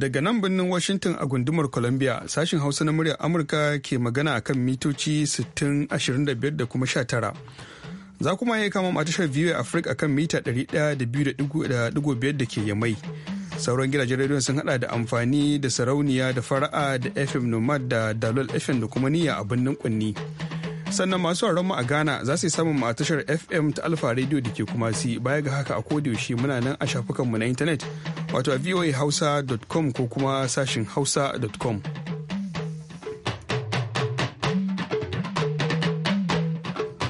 Daga nan birnin Washington a gundumar Columbia sashin Hausa na muryar Amurka ke magana akan mitoci 6025 da kuma 19. Za kuma iya kama matashar tashar VOA Africa kan mita 102.5 da ke yamai. Sauran gidajen rediyon sun hada da amfani da sarauniya da fara'a da FM Nomad da Dalol FM da kuma niyya a birnin Kunni. sannan masu mu a ghana za su samun mu a tashar fm ta alfa radio da ke kuma si baya ga haka a yaushe muna nan a shafukanmu na intanet wato a voahausa.com ko kuma sashin hausa.com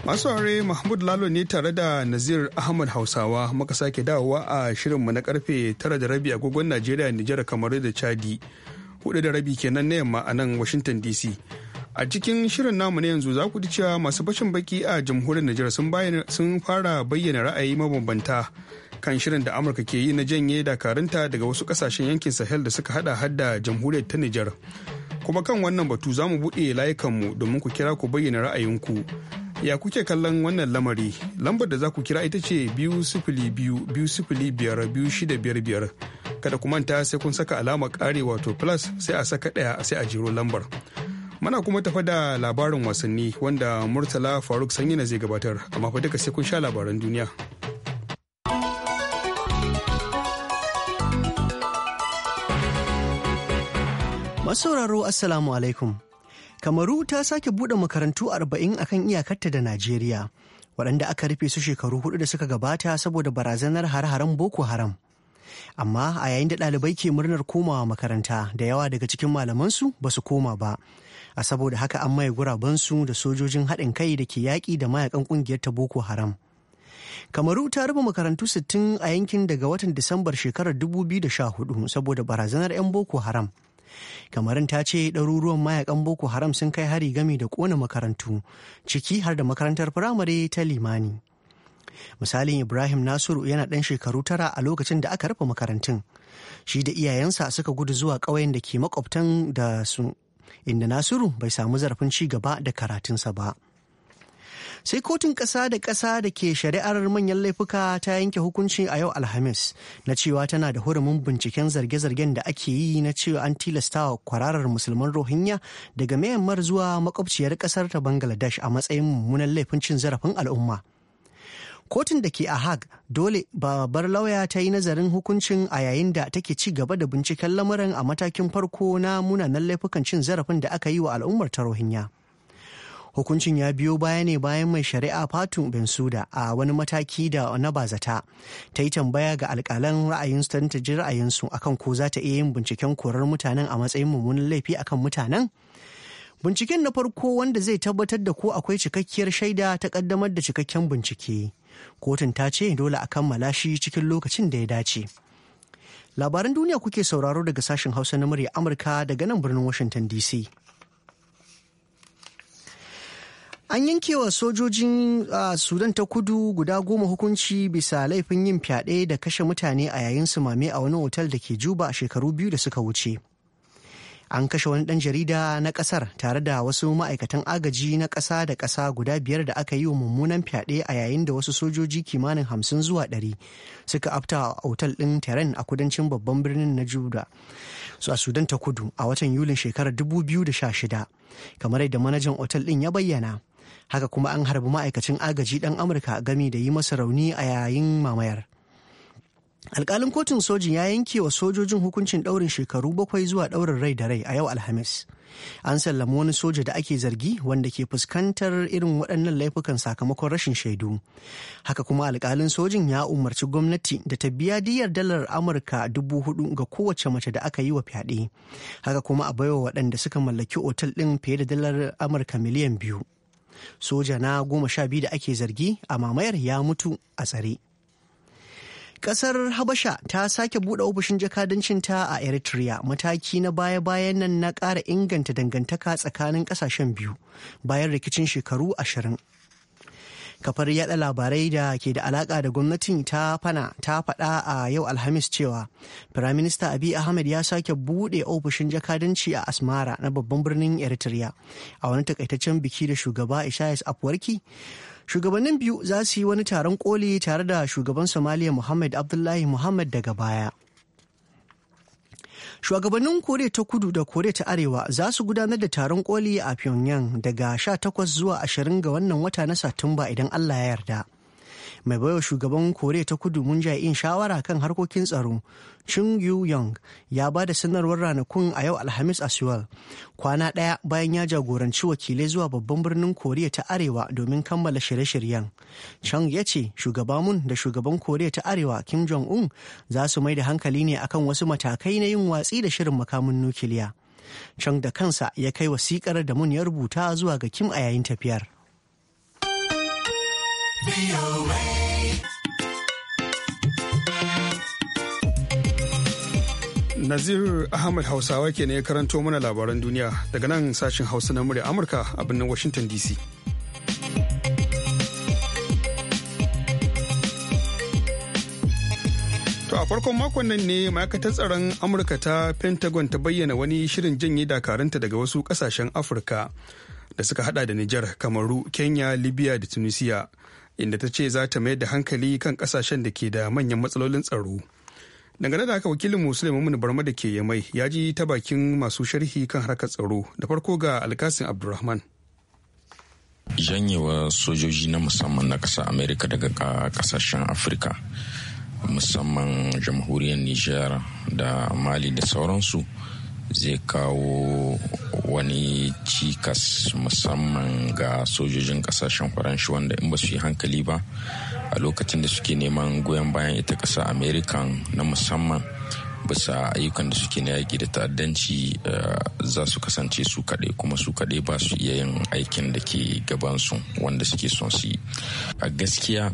masu aure mahmud lalo ne tare da nazir ahmad hausawa muka sake dawowa a shirin mu na karfe tara da rabi agogon najeriya nijar kamar da chadi hudu kenan na yamma a nan washington dc a cikin shirin namu na yanzu za ku ji cewa masu bashin baki a jamhuriyar Nijar sun fara bayyana ra'ayi mabambanta kan shirin da Amurka ke yi na janye dakarunta daga wasu kasashen yankin Sahel da suka hada hadda jamhuriyar ta Nijar. Kuma kan wannan batu za mu buɗe layukanmu domin ku kira ku bayyana ra'ayinku. Ya kuke kallon wannan lamari, lambar da za ku kira ita ce biyu sifili biyu biyu sifili biyar biyu shida biyar Kada ku manta sai kun saka alama kare wato plus sai a saka ɗaya sai a jiro lambar. Muna kuma tafa da labarin wasanni wanda Murtala Faruk Sanyina zai gabatar, amma fa duka sai kun sha labaran duniya. Masauraro Assalamu alaikum. Kamaru ta sake buɗe makarantu arba'in akan iyakarta da Najeriya, waɗanda aka rufe su shekaru hudu da suka gabata saboda barazanar har-haren Boko Haram. Amma a yayin da ɗalibai ke murnar komawa makaranta da yawa daga cikin malamansu ba su koma ba, a saboda haka an maye su da sojojin haɗin kai da ke yaƙi da mayakan ƙungiyar ta boko haram kamaru ta rufe makarantu 60 a yankin daga watan disambar shekarar 2014 saboda barazanar 'yan boko haram kamarin ta ce ɗaruruwan mayakan boko haram sun kai hari gami da ƙona makarantu ciki har da makarantar firamare ta limani misalin ibrahim nasiru yana ɗan shekaru tara a lokacin da aka rufe makarantun shi da iyayensa suka gudu zuwa ƙauyen da ke makwabtan da su inda Nasiru bai samu zarafin ci gaba da karatunsa ba. sai kotun ƙasa da ƙasa da ke shari'ar manyan laifuka ta yanke hukunci a yau alhamis na cewa tana da hurumin binciken zarge-zargen da ake yi na cewa an tilastawa kwararar musulman rohingya daga mayammar zuwa makwabciyar ƙasar ta bangladesh a matsayin mummunan laifin cin zarafin al'umma kotun da ke a hague dole babbar lauya ta yi nazarin hukuncin a yayin da take ci gaba da binciken lamarin a matakin farko na munanan laifukan cin zarafin da aka yi wa al'ummar ta rohingya hukuncin ya biyo baya ne bayan mai shari'a fatu bensuda a wani mataki da na bazata ta yi tambaya ga alkalan ra'ayin su ta ji ra'ayinsu akan ko za ta iya yin binciken korar mutanen a matsayin mummunan laifi akan mutanen binciken na farko wanda zai tabbatar da ko akwai cikakkiyar shaida ta ƙaddamar da cikakken bincike kotun ta ce dole a kammala shi cikin lokacin da ya dace labaran duniya kuke sauraro daga sashen hausa na murya amurka daga nan birnin washington dc An yanke wa sojojin a Sudan ta kudu guda goma hukunci bisa laifin yin fyaɗe da kashe mutane a yayin sumame a wani otal da ke Juba a shekaru biyu da suka wuce. an kashe wani dan jarida na ƙasar tare da wasu ma'aikatan agaji na ƙasa da ƙasa guda biyar da aka yi wa mummunan fyaɗe a yayin da wasu sojoji kimanin hamsin zuwa ɗari suka afta a otal ɗin teren a kudancin babban birnin na juda su a sudan ta kudu a watan yulin shekarar 2016 kamar yadda manajan otal ɗin ya bayyana haka kuma an harbi ma'aikacin agaji ɗan amurka gami da yi masa rauni a yayin mamayar alkalin kotun sojin ya yanke wa sojojin hukuncin ɗaurin shekaru bakwai zuwa ɗaurin rai da rai a yau alhamis an sallami wani soja da ake zargi wanda ke fuskantar irin waɗannan laifukan sakamakon rashin shaidu haka kuma alkalin sojin ya umarci gwamnati da ta biya diyar dalar amurka dubu hudu ga kowace mace da aka yi wa fyaɗe haka kuma a baiwa waɗanda suka mallaki otal ɗin fiye da dalar amurka miliyan biyu soja na goma sha biyu da ake zargi a mamayar ya mutu a tsare Kasar Habasha ta sake buɗe ofishin jakadancinta a Eritrea mataki na baya-bayan nan na ƙara inganta dangantaka tsakanin ƙasashen biyu bayan rikicin shekaru ashirin. Kafar yaɗa labarai da ke da alaƙa da gwamnatin ta fana ta faɗa a yau Alhamis cewa Firaminista Abi Ahmed ya sake buɗe ofishin jakadanci a Asmara na babban birnin Eritrea a wani takaitaccen biki da shugaba Ishayes Afwarki? Shugabannin biyu za su yi wani taron koli tare da shugaban Somalia Muhammad Abdullahi Muhammad daga baya. Shugabannin Koriya ta Kudu da Koriya ta Arewa za su gudanar da taron koli a Pyongyang daga 18 zuwa 20 ga wannan wata na Satumba idan Allah ya yarda. mai baiwa shugaban koriya ta kudu mun in shawara kan harkokin tsaro chung yu yong ya ba da sanarwar ranakun a yau alhamis a seoul kwana ɗaya bayan ya jagoranci wakilai zuwa babban birnin koriya ta arewa domin kammala shirye-shiryen chung ya ce shugaba mun da shugaban koriya ta arewa kim jong un za su mai da hankali ne akan wasu matakai na yin watsi da shirin makamin nukiliya chung da kansa ya kai wasikar da mun ya rubuta zuwa ga kim a yayin tafiyar Nazir Ahmad Hausawa ke ne ya karanto mana labaran duniya daga nan sashen Hausa na murya Amurka a birnin Washington DC. To a farkon makon nan ne ma'aikatar tsaron Amurka ta Pentagon ta bayyana wani shirin janye dakaranta daga wasu kasashen Afirka da suka hada da Nijar, Kamaru, Kenya, Libya da Tunisia inda ta ce za ta mayar da hankali kan kasashen da ke da manyan matsalolin tsaro dangane da haka wakilin musulun mamuni barma da ke yamai ya ji ta bakin masu sharhi kan harkar tsaro da farko ga alkasin abdulrahman janyewa sojoji na musamman na kasa amerika daga ƙasashen afirka musamman jamhuriyar nijar da mali da sauransu zai kawo wani cikas musamman ga sojojin kasashen faranshi wanda in ba su yi hankali ba a lokacin da suke neman goyon bayan ita ƙasa american na musamman bisa ayyukan da suke na yaƙi da ta'addanci eh, za su kasance su kaɗai kuma su kaɗai ba su iya yin aikin da ke gabansu wanda suke son su yi a gaskiya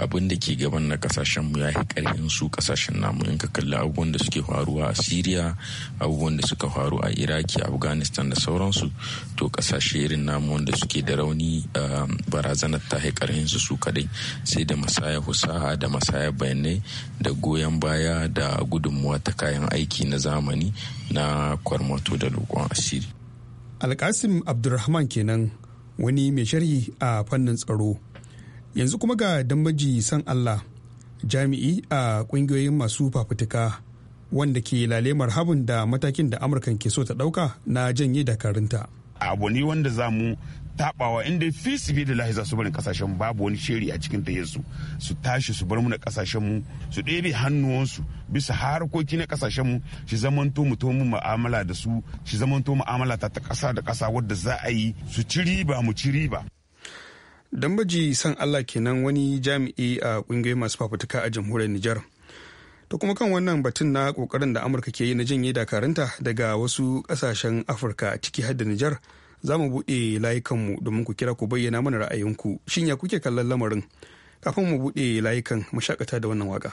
abin da ke gaban na kasashen mu ya yi karfin su kasashen namu in ka kalli abubuwan da suke faruwa a syria abubuwan da suka faru a iraki afghanistan da sauransu to kasashe irin namu wanda suke da rauni um, barazanar ta yi karfin su su kadai sai da masaya husaha da masaya bayanai da goyon baya da gudunmuwa ta kayan aiki na zamani na kwarmato da lokon asiri alkasim abdulrahman kenan wani mai sharhi a fannin tsaro yanzu kuma ga dambaji san allah jami'i a kungiyoyin masu fafutuka wanda ke lalemar habin da matakin da amurkan ke so ta dauka na janye dakarunta abu ne wanda za mu tabawa inda fi sibi da lahi za su barin kasashen babu wani shiri a cikin ta su su tashi su bar mu na kasashen mu su ɗebe hannuwansu bisa harkoki na kasashen mu shi zamanto mu tomu mu'amala da su shi zamanto mu'amala ta ta ƙasa da kasa wadda za a yi su ci riba mu ci riba baji san allah kenan wani jami'i a kungiyoyi masu fafutuka a jamhuriyar nijar ta kuma kan wannan batun na kokarin da amurka ke yi na janye dakaranta daga wasu kasashen afirka ciki har da nijar za mu buɗe layukanmu domin ku kira ku bayyana mana ra'ayinku shin ya kuke kallon lamarin kafin mu buɗe layukan mu shakata da wannan waka.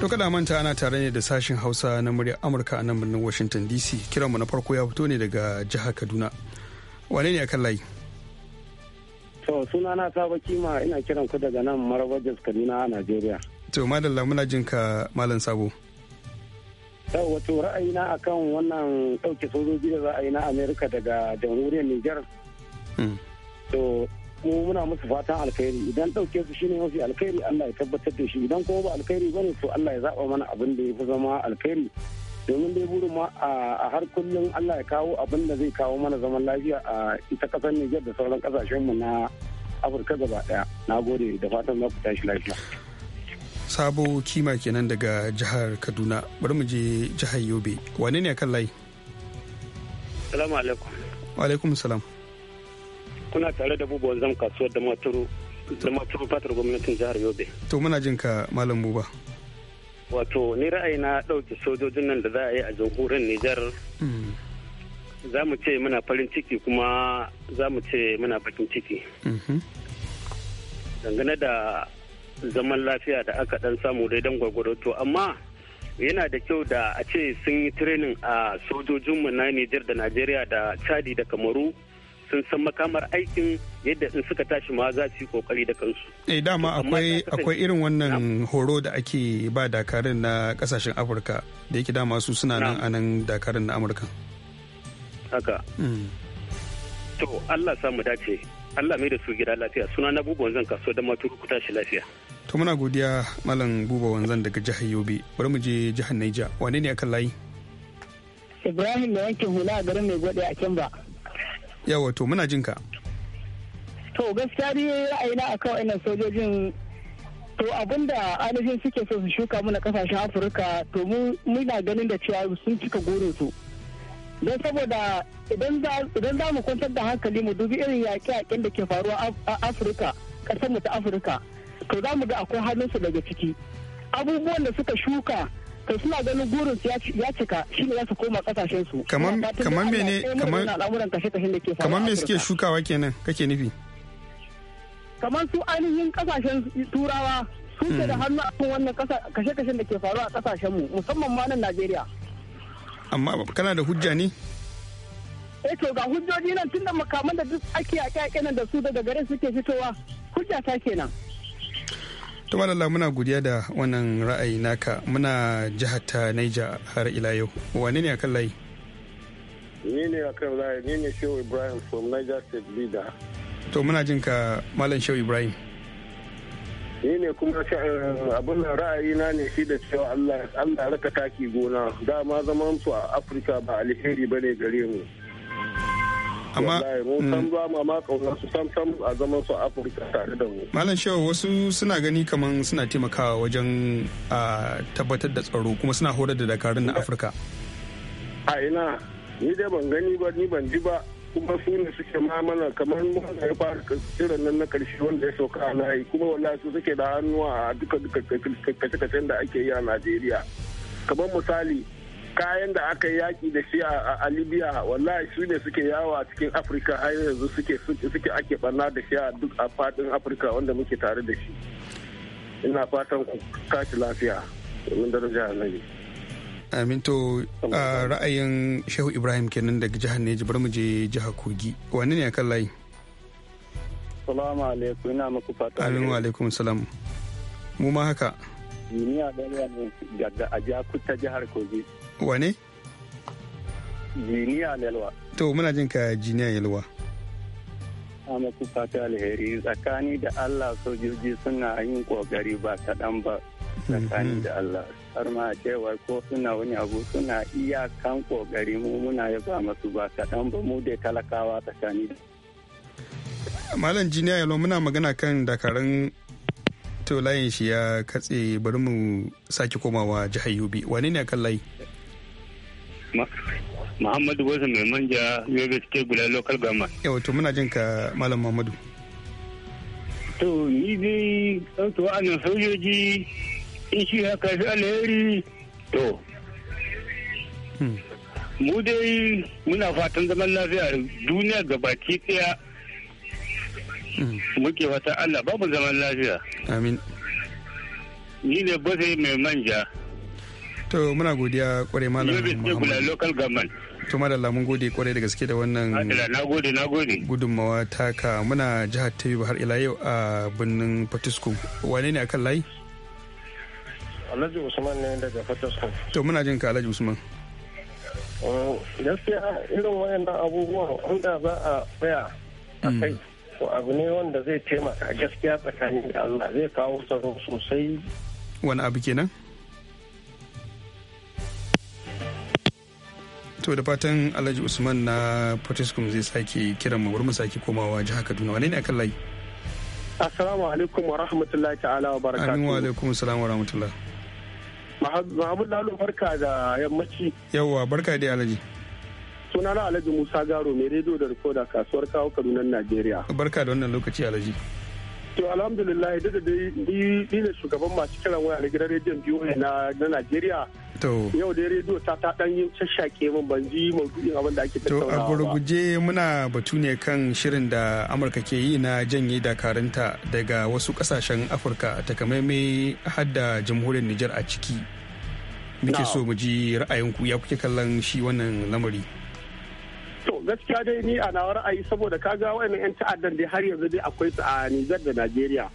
To kada manta ana tare ne da sashen Hausa na muryar Amurka a nan birnin Washington DC. Kiranmu na farko ya fito ne daga jihar Kaduna. Wane ne akan layi? To suna na saba kima ina kiran ku daga nan Maraba Jos Kaduna a Najeriya. To madalla muna jin ka malam sabo. Yau wato ra'ayina akan wannan ɗauke sojoji da za a yi na Amerika daga jamhuriyar Nijar. Hmm. To mu muna musu fatan alkhairi idan ɗauke su shine mafi alkhairi Allah ya tabbatar da shi idan kuma ba alkhairi bane to Allah ya zaba mana abin da ya fi zama alkhairi domin dai burin ma a har kullum Allah ya kawo abin da zai kawo mana zaman lafiya a ita kasar Nijar da sauran kasashen mu na Afirka gaba daya na gode da fatan za ku tashi lafiya sabo kima kenan daga jihar Kaduna bari mu je jihar Yobe wane ne kan layi Salamu alaikum wa alaikum salam kuna tare da bubuwan zam kasuwar da maturu da maturu fatar gwamnatin jihar yobe to muna jin ka malam buba wato ni ra'ayi na ɗauke sojojin nan da za a yi a jamhuriyar nijar hmm. za mu ce muna farin ciki kuma za mu ce muna bakin ciki mhm. dangane da zaman lafiya da aka dan samu daidan gwagwado to amma yana da kyau da a ce sun yi training a sojojinmu na nijar da najeriya da chadi da kamaru sun san makamar aikin yadda in suka tashi ma za su yi kokari da kansu. Eh dama akwai akwai irin wannan horo da ake ba dakarun na kasashen Afirka da yake dama su suna nan a dakarun na Amurka. Haka. Hmm. To Allah sa mu dace. Allah mai da su gida lafiya suna na bubuwan wanzan kaso da matu ku tashi lafiya. To muna godiya malam buba wanzan daga jihar Yobe bari mu je jihar Niger wane ne akan layi? Ibrahim da yankin hula a garin mai gwade a Kimba. yawa to muna jinka to gaskiya ne ra'ayina akan wannan sojojin to abinda ainihin suke so su shuka mana kasashen afirka to muna ganin da cewa sun cika gore su don saboda idan za mu kwantar da hankali mu dubi irin yaƙe-yaƙen da ke faruwa a afirka ƙasar mu ta afirka to za mu ga akwai hannunsu daga ciki abubuwan da suka shuka to suna ganin gurin ya cika shi ne za su koma kasashen su kaman kaman mene kaman al'amuran kashe kashe da ke faruwa kaman me suke shukawa kenan kake nufi kaman su ainihin kasashen turawa sun ke da hmm. hannu a kan wannan kashe kashen da ke faruwa a kasashen mu musamman ma nan Najeriya amma kana da hujja ne eh to ga hujjoji nan tunda makaman da duk ake yaƙe-yaƙe nan da su daga garin suke fitowa hujja ta kenan to malala muna godiya da wannan ra'ayi naka muna jihar ta naija har ila yau wane ne akan layi ni ne akan layi ni ne shehu ibrahim from niger state leader to muna jin ka malam shehu ibrahim ni ne kuma eh, abin da ra'ayi na ne shi da cewa allah raka taki gona dama zaman su a afirka ba alheri ba ne gare mu amma a Afirka tare da mu Malam Shehu wasu suna gani kamar suna taimakawa wajen tabbatar da tsaro kuma suna horar da dakarun na Afirka a ina ni dai ban gani ba ni ban ji ba kuma su ne suke mamana kamar wanda ya fara kiran nan na karshe wanda ya sauka a layi kuma wanda su suke da hannuwa a duka duka kace-kacen da ake yi a najeriya kamar misali kayan da aka yaki da shi a libya wallahi su ne suke yawo a cikin afirka har yanzu suke ake barna da shi a duk a fadin afirka wanda muke tare da shi ina fatan ku tashi lafiya domin daraja annabi amin to ra'ayin shehu ibrahim kenan daga jihar neji bar mu je jihar kogi wani ne akan layi salamu alaikum ina muku fata amin wa alaikum salam mu ma haka ɗaya ne daga ajakuta jihar kogi wane jiniya yalwa to muna jin ka jiniya yalwa maku fata alheri tsakani da allah sojoji suna yin kokari ba kaɗan ba tsakani mhm. da allah har ma cewa ko suna wani abu suna iyakan kokari mu muna yaba masu ba kaɗan ba mu da talakawa tsakani da malam jiniya yalwa muna magana kan dakarun to layin shi ya katse bari mu sake komawa jihar yobe wane ne kan layi Muhammadu Bosa mai manja Yobe State guda local government. Yawa to muna jin ka Malam Muhammadu. To ni dai ɗauke wa'annan sojoji in shi haka su alheri to. Hmm. Mu dai muna fatan zaman lafiya duniya gabaki ɗaya. Hmm. Muke fata Allah babu zaman lafiya. Amin. Ni ne Bosa mai manja. to muna godiya kwarai malam muhammad to madalla mun gode kwarai da gaske da wannan gudunmawa taka muna jihar ta har ila yau a birnin patisku wane ne akan layi alhaji usman ne daga patisku to muna jin ka alhaji usman oh, gaskiya irin da abubuwan wanda za a tsaya a hmm. kai to abu ne wanda zai taimaka gaskiya tsakanin da allah zai kawo tsaro sosai wani abu kenan to da fatan alhaji usman na potiskum zai sake kiran mu mu sake komawa jiha kaduna wane ne akan layi assalamu alaikum wa rahmatullahi ta'ala wa barakatuhu amin wa alaikum salam wa rahmatullah Muhammad Lalo barka da yammaci yawa barka dai alhaji suna na alhaji musa garo mai rediyo da rikoda kasuwar kawo kadunan najeriya barka da wannan lokaci alhaji to alhamdulillah da da ni ne shugaban masu kiran waya na gidan rediyon biyu na najeriya yau da rediyo ta ta dan yin shashake min ban ji maudu'in abin da ake tattaunawa to a gurguje muna batu ne kan shirin da amurka ke yi na janye dakarunta daga wasu kasashen afirka takamaimai har da jamhuriyar nijar a ciki muke so mu ji ra'ayinku ya kuke kallon shi wannan lamari to gaskiya dai ni a nawa ra'ayi saboda kaga wayannan yan ta'addan da har yanzu dai akwai su a Nijar da Najeriya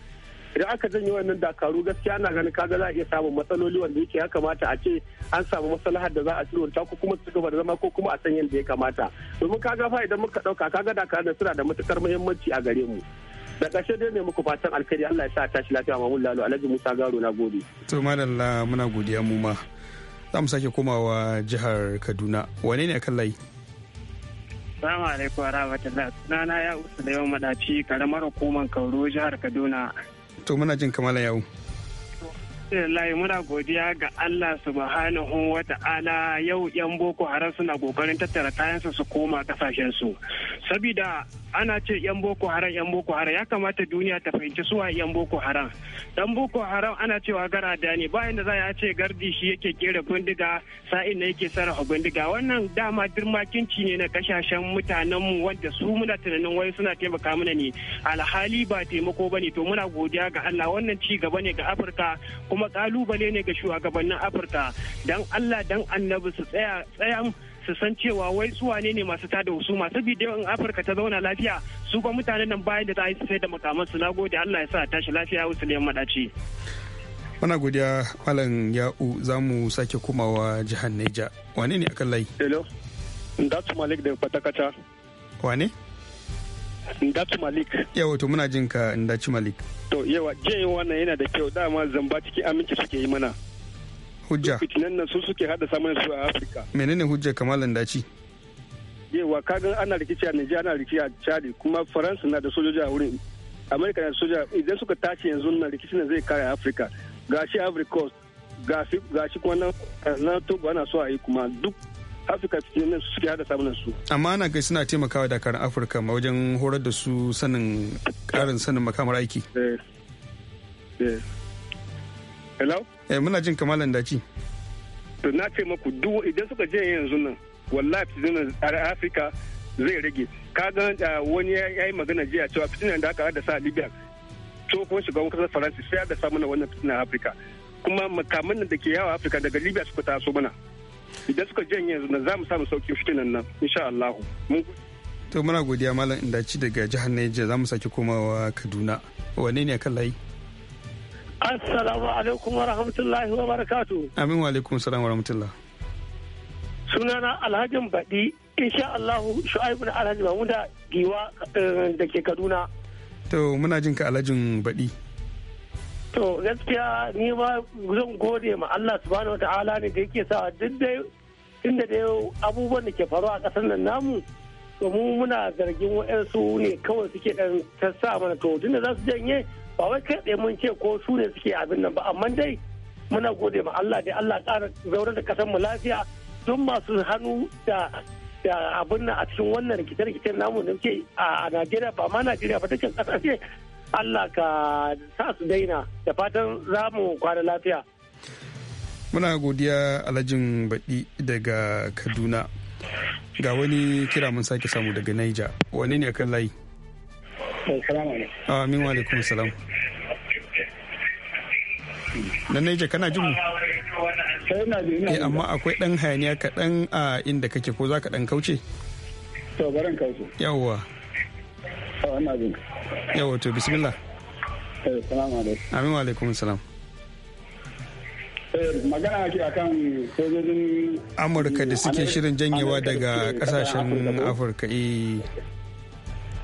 idan aka janye wannan dakaru gaskiya ana ganin kaga za a iya samun matsaloli wanda yake ya kamata a ce an samu maslahar da za a ta ko kuma su gaba da zama ko kuma a san yadda ya kamata domin kaga fa idan muka dauka kaga dakaru da suna da matukar muhimmanci a gare mu da ƙarshe dai ne muku fatan alkhairi Allah ya sa tashi lafiya mamun lalo alhaji musa garo na gode to madalla muna godiya mu ma za mu sake komawa jihar kaduna wane ne kan layi Salamu alaikum wa rahmatullah sunana ya usu da yawan madaci karamar hukumar Kauro jihar Kaduna to muna jin kamala yawo lai muna godiya ga Allah subhanahu wa ta'ala yau yan boko haram suna kokarin tattara kayansu su koma kasashensu. sabida ana ce yan boko haram yan boko haram ya kamata duniya ta fahimci suwa yan boko haram dan boko haram ana cewa garada ne bayan da za a ce gardi shi yake kera bindiga sa'in na yake sarrafa bindiga wannan dama dirmakinci ne na kasashen mutanen mu wanda su muna tunanin wai suna taimaka mana ne alhali ba taimako bane to muna godiya ga Allah wannan ci gaba ne ga Afirka kuma kalubale ne ga shugabannin Afirka dan Allah dan Annabi su tsaya tsayan su san cewa wai su wane ne masu tada husuma saboda yawan afirka ta zauna lafiya su ba mutanen nan bayan da za a yi sai da makaman na gode allah ya sa tashi lafiya wasu liyan madaci Muna godiya Malam Ya'u za mu sake komawa jihar Neja. Wane ne akan layi? Hello. Ndatu Malik daga Kwatakata. Wane? Ndatu Malik. Yawa to muna jin ka Ndatu Malik. To yawa jiyan wannan yana da kyau dama zamba cikin aminci suke yi mana. hujja fitinan nan su suke hada samun su a afirka menene hujja kamalan daci yewa kagan ana rikici a nigeria ana rikici a chadi kuma faransa na da sojoji a wurin amerika na da soja idan suka tashi yanzu na rikici na zai kare afirka gashi ivory ga gashi kuma na togo ana so a yi kuma duk afirka fitinan suke hada samun su amma ana kai suna taimakawa dakarun afirka ma wajen horar da su sanin karin sanin makamar aiki eh, eh. Hello? eh muna jin kamalan daci to na ce maku duk idan suka je yanzu nan wallahi fitinan afirka zai rage ka ga ah, wani ya yi magana jiya cewa fitinan da aka hada sa libya to ko kuma shugaban kasar faransa sai samu na wannan fitinan afirka kuma makaman da ke yawa afirka daga libya suka taso mana idan suka je yanzu nan za mu samu sauki fitinan nan insha Allah to muna godiya malam ci daga jihar Niger za mu sake komawa Kaduna wane ne kan layi Assalamu alaikum wa rahmatullahi wa barakatu. Amin wa alaikum salam wa rahmatullah. Sunana Alhajin Baɗi, insha Allah Shu'aibu na Alhaji da Giwa eh, da ke Kaduna. To muna jin ka Alhajin Baɗi. To gaskiya ni ba zan gode ma Allah subhanahu ta'ala ne da yake sa duk da inda da yau abubuwan da ke faru a ƙasar nan namu. To mu muna zargin waɗansu ne kawai suke ɗan ta sa mana to tunda za su janye ba wai kai ɗaya mun ce ko su ne suke abin nan ba amma dai muna gode ma Allah dai Allah ƙara zaurar da kasar mu lafiya don masu hannu da da abin nan a cikin wannan rikitar rikitar namu da muke a Najeriya ba ma Najeriya ba dukkan kasashe Allah ka sa su daina da fatan za mu kwana lafiya. Muna godiya alhajin baɗi daga Kaduna. Ga wani kira mun sake samu daga Niger. Wani ne kan layi? Amin wa alaikum salam. Dan Naija kana jin mu? Eh amma akwai dan hayaniya kaɗan a inda kake ko za ka dan kauce? To baran kauce. Yawwa. Yawwa to bismillah. Assalamu eh, alaikum. Amin alaikum salam. Eh, magana ake akan sojojin amurka da suke shirin janyewa daga kasashen afirka eh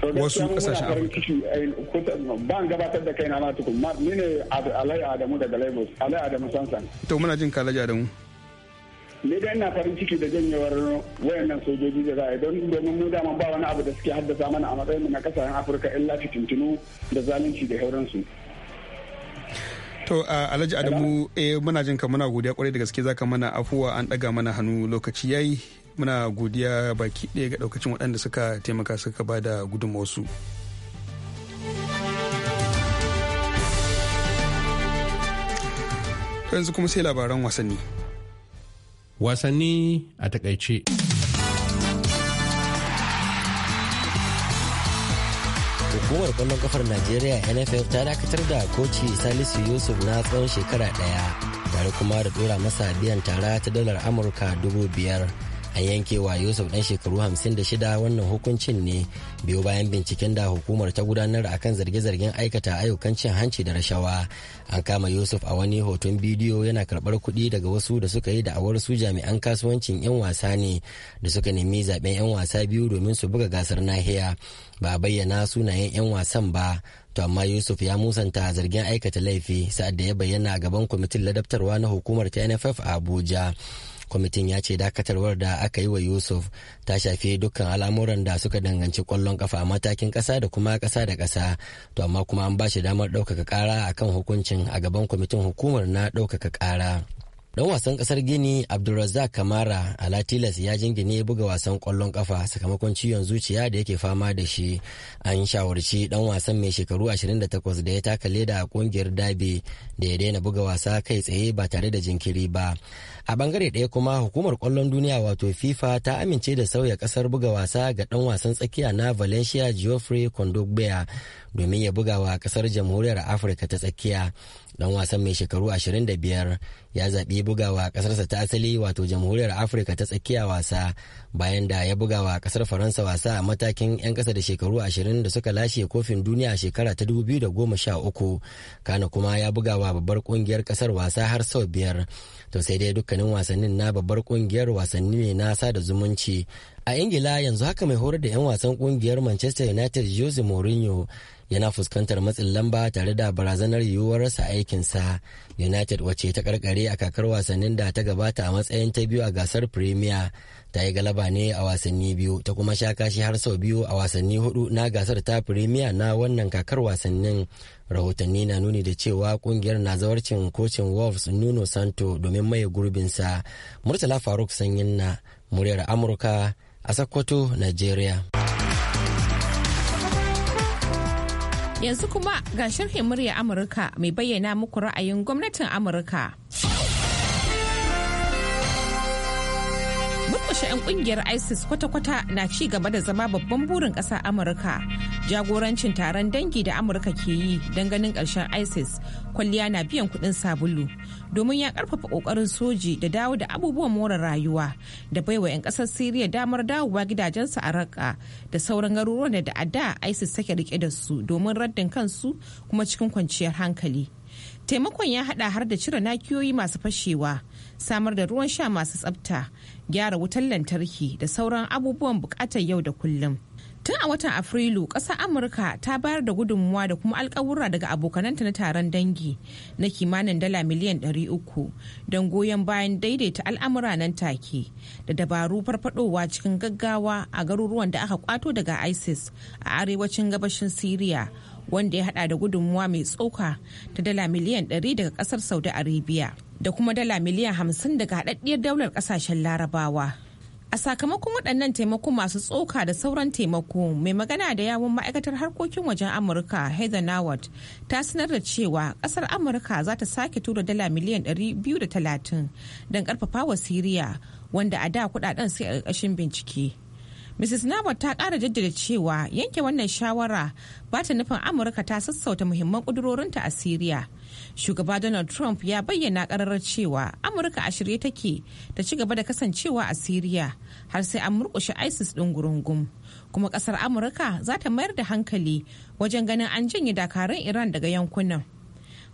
wasu kasashen afirka ban gabatar da kaina ma tukun ni ne alai adamu da lagos alai adamu sansan to muna jin kalaji adamu ne da ina farin ciki da janyewar wayannan sojoji da za a don domin mu dama ba wani abu da suke haddasa mana a matsayin mu na kasashen afirka illa fitintinu da zalunci da hauransu To Alhaji Adamu eh muna jin ka muna godiya kwarai da gaske zaka mana afuwa an daga mana hannu lokaci yayi muna godiya baki ɗaya ga daukacin waɗanda suka taimaka suka ba da gudunmawarsu. Yanzu kuma sai labaran wasanni. Wasanni a takaice. hukumar ƙwallon kafar najeriya nff ta dakatar da koci salisu yusuf na tsawon shekara ɗaya tare kuma da ɗora masa biyan tara ta dalar amurka dubu biyar an yanke wa yusuf dan shekaru 56 wannan hukuncin ne biyu bayan binciken da hukumar ta gudanar a kan zarge-zargen aikata ayyukan cin hanci da rashawa an kama yusuf a wani hoton bidiyo yana karbar kuɗi daga wasu da suka yi da su jami'an kasuwancin 'yan wasa ne da suka nemi zaben 'yan wasa biyu domin su buga gasar nahiya ba a bayyana sunayen 'yan wasan ba to amma yusuf ya musanta zargin aikata laifi sa'ad da ya bayyana gaban kwamitin ladabtarwa na hukumar ta nff a abuja kwamitin ya ce dakatarwar da aka yi wa yusuf ta shafi dukkan al'amuran da suka danganci kwallon kafa matakin kasa da kuma kasa da kasa to amma kuma an ba shi damar ɗaukaka kara akan hukuncin a gaban kwamitin hukumar na ɗaukaka kara Dan wasan kasar Gini Abdulrazak Kamara Alatilas ya jingine buga wasan kwallon kafa sakamakon ciwon zuciya da yake fama da shi. An shawarci dan wasan mai shekaru 28 da ya taka leda a kungiyar Dabe da ya daina buga wasa kai tsaye ba tare da jinkiri ba. A bangare ɗaya kuma hukumar kwallon duniya wato FIFA ta amince da sauya kasar buga wasa ga dan wasan tsakiya na Valencia Geoffrey Kondogbea domin ya buga wa kasar Jamhuriyar Afirka ta tsakiya. dan wasan mai shekaru 25 ya zaɓi bugawa ƙasarsa ta asali wato jamhuriyar afirka ta tsakiya wasa bayan da ya bugawa ƙasar faransa wasa a matakin 'yan ƙasa da shekaru 20 da suka lashe kofin duniya a shekara ta 2013 kana kuma ya bugawa babbar ƙungiyar ƙasar wasa har sau biyar to sai dai dukkanin wasannin na babbar ƙungiyar wasanni ne na sada zumunci a ingila yanzu haka mai horar da 'yan wasan kungiyar manchester united jose mourinho yana fuskantar matsin lamba tare da barazanar yiwuwar rasa aikinsa united wacce ta karkare a kakar wasannin da ta gabata a matsayin ta biyu a gasar premier ta yi galaba ne a wasanni biyu ta kuma sha kashi har sau biyu a wasanni hudu na gasar ta premier na wannan kakar wasannin rahotanni na nuni da cewa kungiyar na zawarcin kocin wolves nuno santo domin maye gurbinsa murtala faruk sanyin na muryar amurka a Sokoto, Najeriya. Yanzu kuma ga sharhin murya Amurka mai bayyana muku ra'ayin gwamnatin Amurka. murkushe 'yan kungiyar isis kwata-kwata na ci gaba da zama babban burin ƙasa amurka jagorancin taron dangi da amurka ke yi don ganin ƙarshen isis kwalliya na biyan kuɗin sabulu domin ya karfafa kokarin soji da dawo da abubuwan more rayuwa da baiwa 'yan kasar siriya damar dawowa gidajensu a raka da sauran garuruwan da a da isis take rike da su domin raddin kansu kuma cikin kwanciyar hankali taimakon ya hada har da cire nakiyoyi masu fashewa samar da ruwan sha masu tsabta gyara wutan lantarki da sauran abubuwan bukatar yau da kullum tun a watan afrilu ƙasar amurka ta bayar da gudunmuwa da kuma alkawura daga abokananta na taron dangi na kimanin dala miliyan 300 don goyon bayan daidaita al'amura nan take da dabaru farfadowa cikin gaggawa a garuruwan da aka kwato daga isis a arewacin gabashin syria wanda ya hada da gudunmuwa mai tsoka ta dala miliyan 100 daga kasar saudi arabia da kuma dala miliyan 50 daga haɗaɗɗiyar daular ƙasashen larabawa A sakamakon waɗannan taimako masu tsoka da sauran taimako mai magana da yawon ma'aikatar harkokin wajen Amurka Heather Nawat ta sanar da cewa ƙasar Amurka za ta sake tura dala miliyan 230 don ƙarfafa wa Siriya wanda a da kudaden sai a ƙarƙashin bincike. Mrs. Nawat ta ƙara jaddada cewa yanke wannan shawara ba ta nufin Amurka ta sassauta muhimman ƙudurorinta a Siriya shugaba donald trump ya bayyana kararar cewa amurka a shirye take ta ci gaba da kasancewa a siriya har sai an murkushe isis ɗin gurungum kuma ƙasar amurka za ta mayar da hankali wajen ganin an janye dakarun iran daga yankunan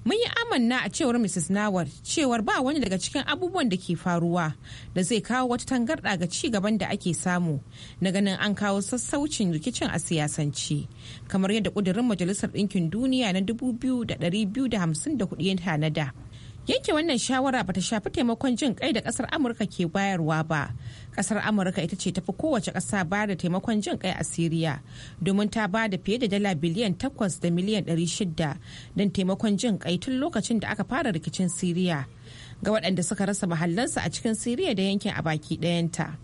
mun yi amanna a cewar mrs nawar cewar ba wani daga cikin abubuwan da ke faruwa da zai kawo wata tangarɗa ga ci gaban da ake samu na ganin an kawo sassaucin rikicin a siyasance kamar yadda ƙudurin majalisar ɗinkin duniya na 2254 ya tanada yanke wannan shawara bata shafi taimakon jin kai da kasar amurka ke bayarwa ba kasar amurka ita ce tafi kowace kasa ba da taimakon jin kai a syria domin ta ba da fiye da dala biliyan 8 da miliyan 600 don taimakon jin kai tun lokacin da aka fara rikicin syria ga waɗanda suka rasa mahallansu a cikin syria da yankin a baki ɗayanta.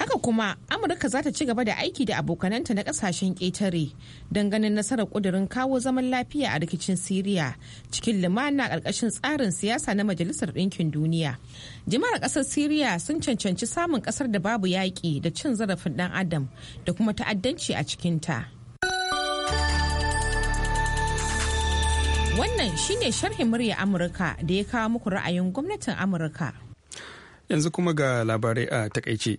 Haka kuma Amurka za ta ci gaba da aiki da abokananta na kasashen ƙetare don ganin nasarar ƙudurin kawo zaman lafiya a rikicin Siriya cikin limana ƙarƙashin tsarin siyasa na Majalisar Ɗinkin Duniya. Jama'ar ƙasar Siriya sun cancanci samun ƙasar da babu yaƙi da cin zarafin ɗan adam da kuma ta'addanci a cikinta. Wannan shine sharhin murya Amurka da ya kawo muku ra'ayin gwamnatin Amurka. Yanzu kuma ga labarai a takaice.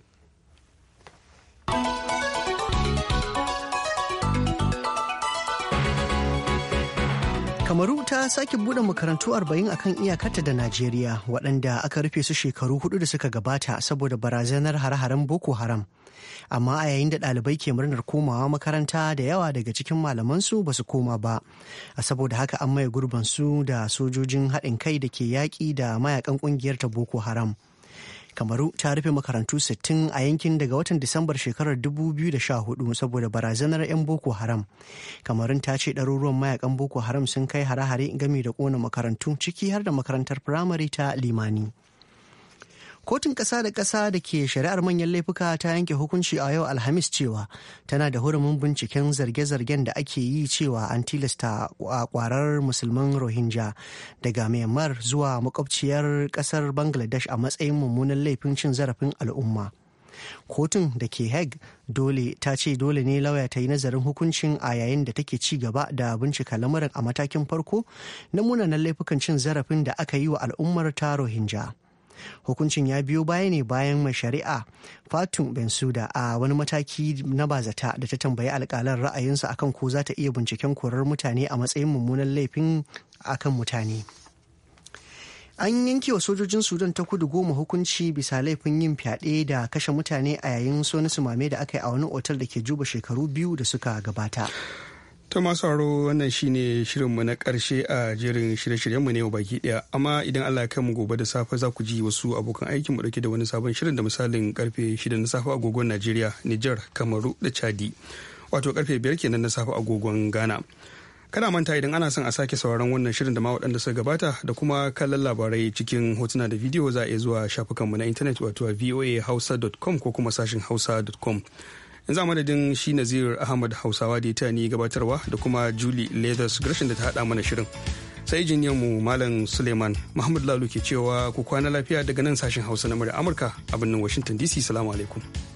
Kamaru ta sake buɗe makarantu 40 akan kan iyakarta da Najeriya waɗanda aka rufe su shekaru hudu da suka gabata saboda barazanar hare-haren Boko Haram. Amma a yayin da ɗalibai ke murnar komawa makaranta da yawa daga cikin malamansu ba su koma ba. A saboda haka an maye gurbansu da sojojin haɗin kai da ke yaƙi da mayakan ƙungiyar ta Boko Haram. kamaru ta rufe makarantu 60 a yankin daga watan disambar shekarar 2014 saboda barazanar 'yan boko haram kamarun ta ce ɗaruruwan mayakan boko haram sun kai hare-hare gami da kona makarantu ciki har da makarantar firamare ta limani kotun ƙasa da ƙasa da ke shari'ar manyan laifuka ta yanke hukunci a yau alhamis cewa tana da hurumin binciken zarge-zargen da ake yi cewa an tilasta a kwarar musulman rohingya daga myanmar zuwa makwabciyar ƙasar bangladesh a matsayin mummunan laifin cin zarafin al'umma kotun da ke Heg dole ta ce dole ne lauya ta yi nazarin hukuncin a yayin da take ci gaba da bincika lamarin a matakin farko na munanan laifukan cin zarafin da aka yi wa al'ummar ta rohingya hukuncin ya biyo baya ne bayan mai shari'a fatun bensuda a wani mataki na bazata da ta tambayi alkalan ra'ayinsa akan ko za ta iya binciken korar mutane a matsayin mummunan laifin akan mutane. an yanke wa sojojin sudan ta kudu goma hukunci bisa laifin yin fyaɗe da kashe mutane a yayin so na sumame da aka yi a wani otal da ke juba shekaru biyu da suka gabata ta masu haro wannan shine shirinmu na karshe a jerin shirye-shiryenmu ne baki daya amma idan allah ya mu gobe da safe za ku ji wasu abokan mu dauke da wani sabon shirin da misalin karfe 6 na safe agogon najeriya niger kamaru da chadi wato karfe biyar kenan na safe agogon ghana kana manta idan ana son a sake sauraron wannan shirin da ma waɗanda suka gabata da kuma kallon labarai cikin hotuna da bidiyo za a iya zuwa shafukanmu na intanet wato voahausa.com ko kuma sashin hausa.com yanzu a madadin shi nazir ahmad hausawa da ita ni gabatarwa da kuma julie leathers gashin da ta hada mana shirin sai mu malam suleiman muhammad lalu ke cewa ku kwana lafiya daga nan sashen hausa na murya amurka a birnin washington dc salamu alaikum